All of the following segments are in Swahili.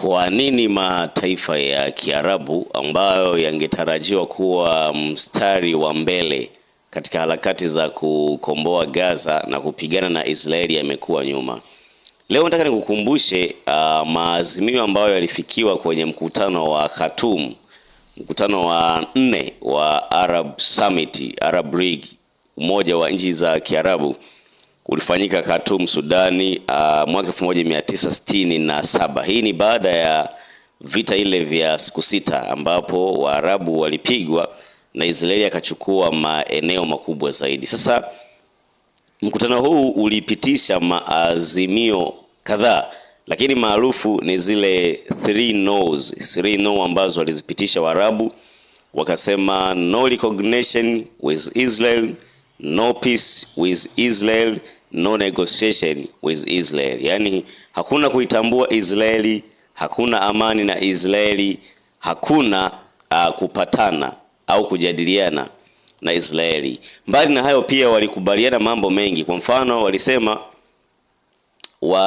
Kwa nini mataifa ya Kiarabu ambayo yangetarajiwa kuwa mstari wa mbele katika harakati za kukomboa Gaza na kupigana na Israeli yamekuwa nyuma? Leo nataka nikukumbushe uh, maazimio ambayo yalifikiwa kwenye mkutano wa Khartoum, mkutano wa nne wa Arab Summit, Arab League, umoja wa nchi za Kiarabu ulifanyika Khartoum Sudani uh, mwaka 1967. Hii ni baada ya vita ile vya siku sita ambapo Waarabu walipigwa na Israeli akachukua maeneo makubwa zaidi. Sasa mkutano huu ulipitisha maazimio kadhaa, lakini maarufu ni zile three no's, three no ambazo walizipitisha Waarabu wakasema no recognition with Israel, no peace with Israel no negotiation with Israel, yaani hakuna kuitambua Israeli, hakuna amani na Israeli, hakuna uh, kupatana au kujadiliana na Israeli. Mbali na hayo, pia walikubaliana mambo mengi. Kwa mfano, walisema wa,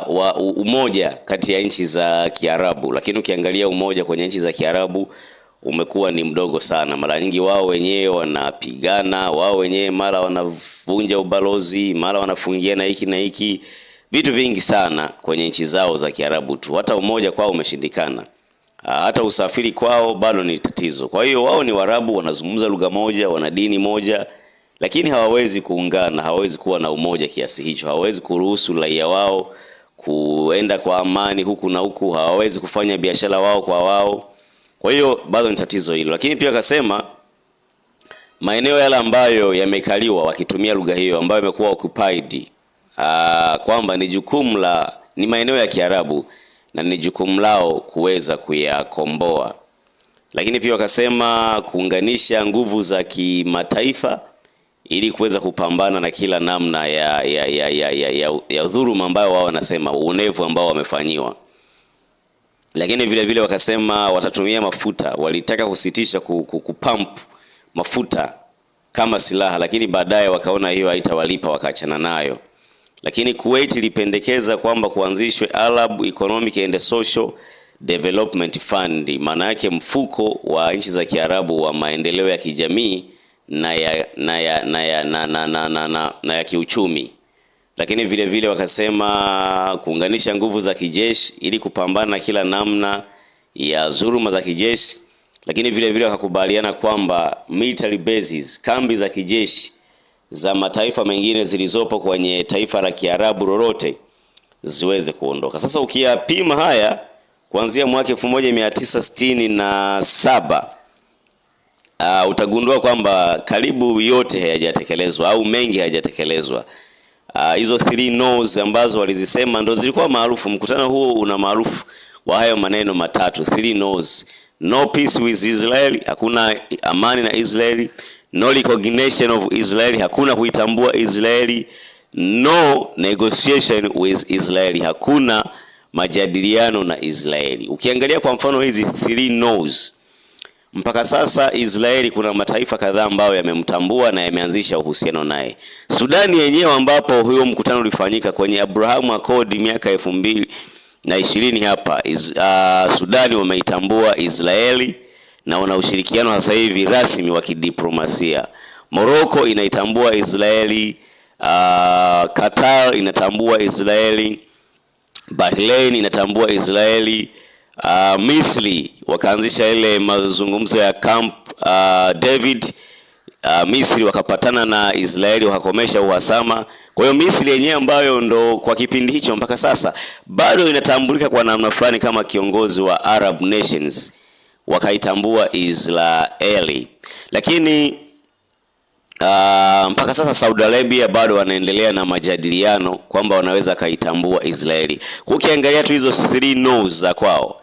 wa umoja kati ya nchi za Kiarabu, lakini ukiangalia umoja kwenye nchi za Kiarabu umekuwa ni mdogo sana. Mara nyingi wao wenyewe wanapigana, wao wenyewe mara wanavunja ubalozi, mara na hiki na hiki, vitu vingi sana kwenye nchi zao za Kiarabu tu. Hata umoja kwao umeshindikana, hata usafiri kwao bado ni tatizo. Kwa hiyo wao ni Waarabu, wanazungumza lugha moja, wana dini moja, lakini hawawezi kuungana, hawawezi kuwa na umoja kiasi hicho, hawawezi kuruhusu raia wao kuenda kwa amani huku na huku, hawawezi kufanya biashara wao kwa wao kwa hiyo bado ni tatizo hilo, lakini pia akasema maeneo yale ambayo yamekaliwa wakitumia lugha hiyo ambayo yamekuwa occupied, ah, kwamba ni jukumu la ni maeneo ya Kiarabu na ni jukumu lao kuweza kuyakomboa. Lakini pia wakasema kuunganisha nguvu za kimataifa ili kuweza kupambana na kila namna ya, ya, ya, ya, ya, ya, ya dhuluma ambayo wao wanasema uonevu ambao wamefanyiwa lakini vile vile wakasema watatumia mafuta. Walitaka kusitisha kupampu mafuta kama silaha, lakini baadaye wakaona hiyo haitawalipa wakaachana nayo. Lakini Kuwait ilipendekeza kwamba kuanzishwe Arab Economic and Social Development Fund, maana yake mfuko wa nchi za Kiarabu wa maendeleo ya kijamii na ya na ya na ya na na na na na ya kiuchumi. Lakini vile vile wakasema kuunganisha nguvu za kijeshi ili kupambana na kila namna ya dhuluma za kijeshi. Lakini vile vile wakakubaliana kwamba military bases, kambi za kijeshi za mataifa mengine zilizopo kwenye taifa la Kiarabu lolote ziweze kuondoka. Sasa ukiyapima haya kuanzia mwaka 1967 uh, utagundua kwamba karibu yote hayajatekelezwa au mengi hayajatekelezwa. Ah, hizo uh, three no's ambazo walizisema ndo zilikuwa maarufu. Mkutano huo una maarufu wa hayo maneno matatu three no's: no peace with Israel, hakuna amani na Israeli; no recognition of Israel, hakuna kuitambua Israeli; no negotiation with Israel, hakuna majadiliano na Israeli. Ukiangalia kwa mfano hizi three no's mpaka sasa Israeli kuna mataifa kadhaa ambayo yamemtambua na yameanzisha uhusiano naye. Sudani yenyewe ambapo huyo mkutano ulifanyika kwenye Abrahamu Accord miaka elfu mbili na ishirini hapa iz, uh, Sudani wameitambua Israeli na wana ushirikiano sasa hivi rasmi wa kidiplomasia. Morocco inaitambua Israeli, uh, Qatar inatambua Israeli, Bahrain inatambua Israeli uh, Misri wakaanzisha ile mazungumzo ya Camp uh, David uh, Misri wakapatana na Israeli wakakomesha uhasama. Kwa hiyo Misri yenyewe ambayo ndo kwa kipindi hicho mpaka sasa bado inatambulika kwa namna fulani kama kiongozi wa Arab Nations, wakaitambua Israeli, lakini Uh, mpaka sasa Saudi Arabia bado wanaendelea na majadiliano kwamba wanaweza kaitambua Israeli. Ukiangalia tu hizo three no's za kwao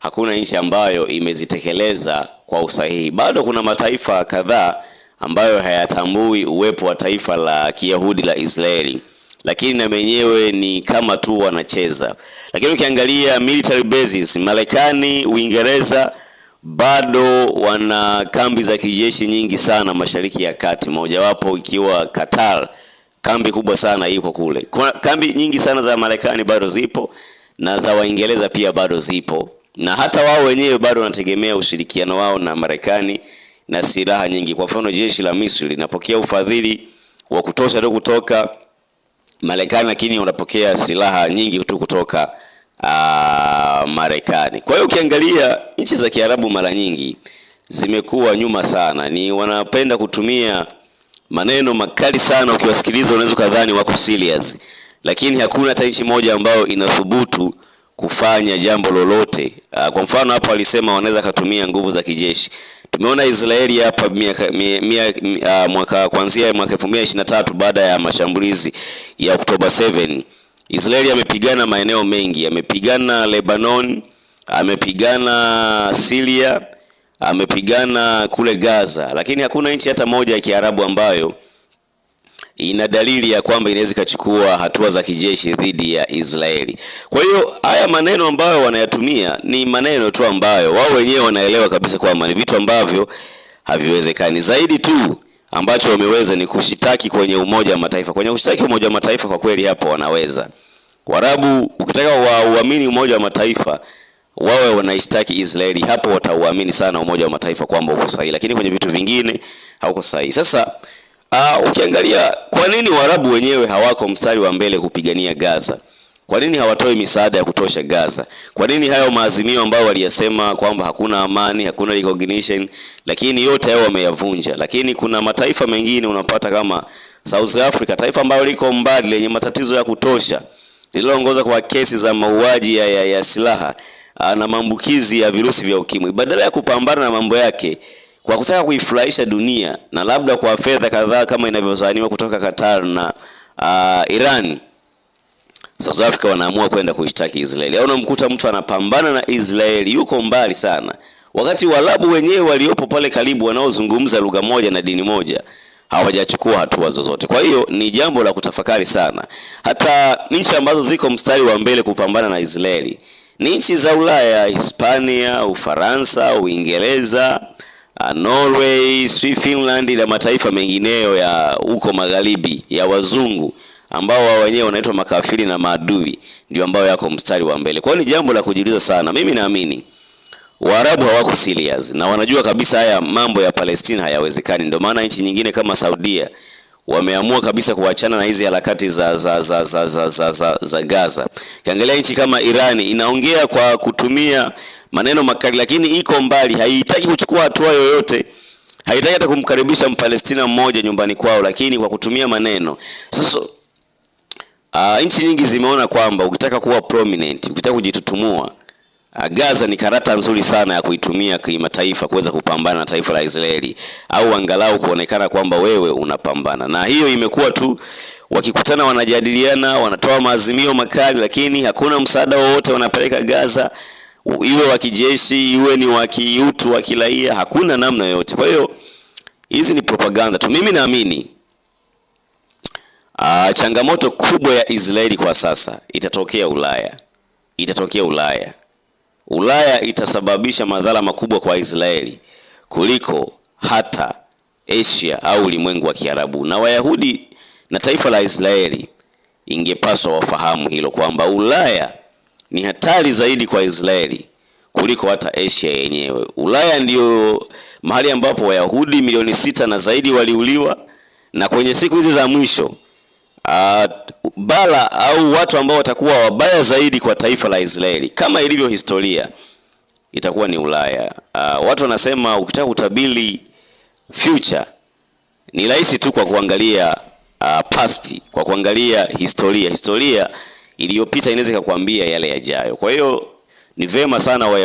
hakuna nchi ambayo imezitekeleza kwa usahihi. Bado kuna mataifa kadhaa ambayo hayatambui uwepo wa taifa la Kiyahudi la Israeli, lakini na wenyewe ni kama tu wanacheza. Lakini ukiangalia military bases, Marekani, Uingereza bado wana kambi za kijeshi nyingi sana Mashariki ya Kati, mojawapo ikiwa Qatar. Kambi kubwa sana iko kule. Kambi nyingi sana za Marekani bado zipo na za Waingereza pia bado zipo na hata wao wenyewe bado wanategemea ushirikiano wao na Marekani na silaha nyingi. Kwa mfano, jeshi la Misri linapokea ufadhili wa kutosha tu kutoka Marekani, lakini wanapokea silaha nyingi tu kutoka ah, Marekani. Kwa hiyo ukiangalia nchi za Kiarabu mara nyingi zimekuwa nyuma sana, ni wanapenda kutumia maneno makali sana. Ukiwasikiliza unaweza kadhani wako serious, lakini hakuna hata nchi moja ambayo inathubutu kufanya jambo lolote. Ah, kwa mfano hapo alisema wanaweza katumia nguvu za kijeshi. Tumeona Israeli hapa miaka ah, mwaka kuanzia mwaka tatu baada ya mashambulizi ya Oktoba 7, Israeli amepigana maeneo mengi, amepigana Lebanon, amepigana Syria, amepigana kule Gaza, lakini hakuna nchi hata moja ya Kiarabu ambayo ina dalili ya kwamba inaweza ikachukua hatua za kijeshi dhidi ya Israeli. Kwa hiyo haya maneno ambayo wanayatumia ni maneno tu ambayo wao wenyewe wanaelewa kabisa kwamba ni vitu ambavyo haviwezekani. Zaidi tu ambacho wameweza ni kushitaki kwenye Umoja wa Mataifa. Kwenye kushitaki Umoja wa Mataifa kwa kweli hapo wanaweza. Warabu, ukitaka wauamini Umoja wa Mataifa wawe wanaishtaki Israeli, hapo watauamini sana Umoja wa Mataifa kwamba uko sahihi, lakini kwenye vitu vingine hauko sahihi. Sasa Uh, ukiangalia kwa nini Waarabu wenyewe hawako mstari wa mbele kupigania Gaza? Kwa nini hawatoi misaada ya kutosha Gaza? Kwa nini hayo maazimio ambayo waliyasema kwamba hakuna amani, hakuna recognition, lakini yote hayo wameyavunja. Lakini kuna mataifa mengine unapata kama South Africa, taifa ambalo liko mbali lenye matatizo ya kutosha, lililoongoza kwa kesi za mauaji ya, ya, ya silaha ah, na maambukizi ya virusi vya ukimwi, badala ya kupambana na mambo yake kwa kutaka kuifurahisha dunia na labda kwa fedha kadhaa kama inavyozaniwa kutoka Qatar na uh, Iran, South Africa wanaamua kwenda kuishtaki Israeli. Au unamkuta mtu anapambana na Israeli, yuko mbali sana, wakati walabu wenyewe waliopo pale karibu, wanaozungumza lugha moja na dini moja hawajachukua hatua zozote. Kwa hiyo ni jambo la kutafakari sana. Hata nchi ambazo ziko mstari wa mbele kupambana na Israeli ni nchi za Ulaya, Hispania, Ufaransa, Uingereza Uh, Norway, Finland na mataifa mengineyo ya huko magharibi ya wazungu ambao wao wenyewe wanaitwa makafiri na maadui ndio ambao yako mstari wa mbele. Kwa hiyo ni jambo la kujiuliza sana. Mimi naamini Waarabu hawako serious na wanajua kabisa haya mambo ya Palestina hayawezekani. Ndio maana nchi nyingine kama Saudia wameamua kabisa kuachana na hizi harakati za, za, za, za, za, za, za, za Gaza. Ukiangalia nchi kama iran inaongea kwa kutumia maneno makali, lakini iko mbali, haitaki kuchukua hatua yoyote, haitaki hata kumkaribisha Mpalestina mmoja nyumbani kwao, lakini kwa kutumia maneno. Sasa uh, nchi nyingi zimeona kwamba ukitaka kuwa prominent, ukitaka kujitutumua Ah, Gaza ni karata nzuri sana ya kuitumia kimataifa kuweza kupambana na taifa la Israeli au angalau kuonekana kwamba wewe unapambana. Na hiyo imekuwa tu wakikutana, wanajadiliana, wanatoa maazimio makali, lakini hakuna msaada wowote wanapeleka Gaza, iwe wa kijeshi, iwe ni wa kiutu, wa kiraia, hakuna namna yoyote. Kwa hiyo hizi ni propaganda tu. Mimi naamini ah, changamoto kubwa ya Israeli kwa sasa itatokea Ulaya, itatokea Ulaya. Ulaya itasababisha madhara makubwa kwa Israeli kuliko hata Asia au ulimwengu wa Kiarabu. Na Wayahudi na taifa la Israeli ingepaswa wafahamu hilo kwamba Ulaya ni hatari zaidi kwa Israeli kuliko hata Asia yenyewe. Ulaya ndiyo mahali ambapo Wayahudi milioni sita na zaidi waliuliwa, na kwenye siku hizi za mwisho uh, bala au watu ambao watakuwa wabaya zaidi kwa taifa la Israeli kama ilivyo historia itakuwa ni Ulaya. Uh, watu wanasema ukitaka kutabiri future ni rahisi tu kwa kuangalia uh, past, kwa kuangalia historia. Historia iliyopita inaweza ikakwambia yale yajayo. Kwa hiyo ni vema sana wa